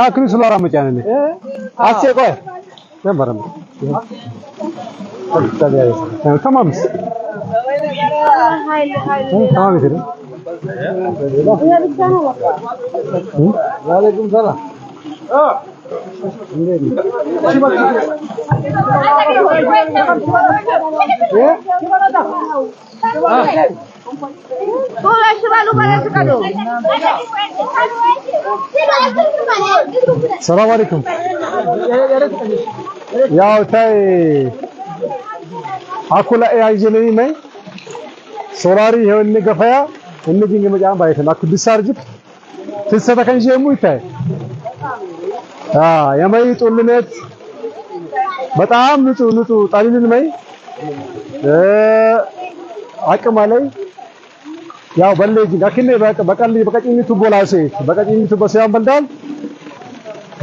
ಯಾಕ್ರಿ ಸುಲಾರ ಮಚ್ಚಾನೆ ಹಾಸ್ಯ Ne Ben varım. Çok güzel bir Ne Yani Ne mısın? Ne hayır. Ne tamam Ne Buna Ne tane Ne Hı? Ne selam. Ne Şimdi Ne ሰላም አለይኩም። ያው ታይ አኩላ ያጅለኝ ነኝ ሶላሪ ይሄን ገፈያ እንግዲህ እንግመጫን ባይተን አኩ ዲሳርጅት ትሰተከን ጀሙ ይታይ አ የማይጡልነት በጣም ንጹህ ንጹህ ጣሊንን መይ አቅማ ላይ ያው በለጂ ዳክነ በቀል በቀጭኝ ቱቦ ላሴ በቀጭኝ ቱቦ ሲያም በልዳል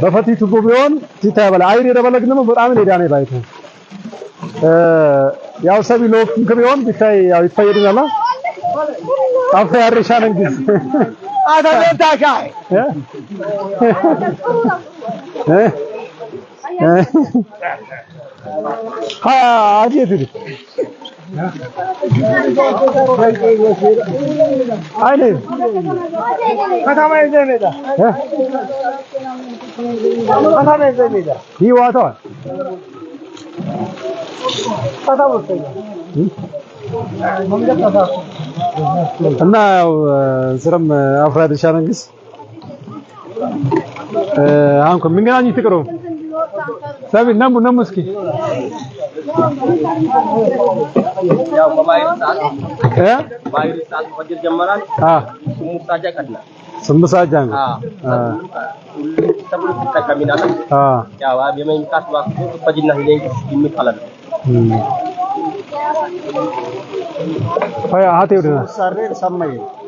በፈቲ ቱቦ ቢሆን ቲታ ያበላ አይሪ ደበለግ ነው በጣም ነው ዳኔ ባይቱ ያው ሰቢ ሎክ ቢሆን ቢታይ ያው ይፈይድናል ጣፋ ያርሻን እንግዲህ አታደታ ካይ እ ها يدري عيني কথা মাই যায় মেদা হ্যাঁ কথা মাই যায় মেদা কি ওয়াত কথা বলতে እና ስረም አፍራድሻ መንግስት አንኩ ምን ገናኝ ትቅሩ Sabi, namu namu ski. Ya, pemain saat. Ya? Bapak saat wajib jamaran. Ah. Semua saja kan. Semua saja. Ah. Sebelum kita kami datang. Ah. Ya, Bapak memang kas waktu pajinah ini dimit alam. Hmm. Kayak hati udah. Sarir sama ya.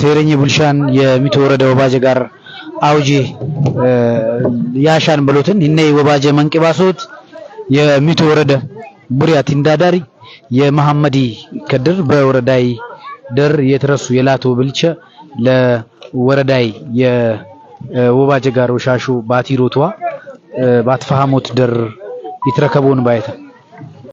ሴረኝ ቡልሻን የሚቶ ወረደ ወባጀ ጋር አውጂ ያሻን በሎትን እነ ወባጀ መንቅባሶት የሚቶ ወረደ ቡሪያት እንዳዳሪ የመሐመዲ ከድር በወረዳይ ደር የተረሱ የላቶ ብልቸ ለወረዳይ የወባጀ ጋር ወሻሹ ባቲሮቷ ባትፈሃሞት ደር ይትረከቡን ባይታ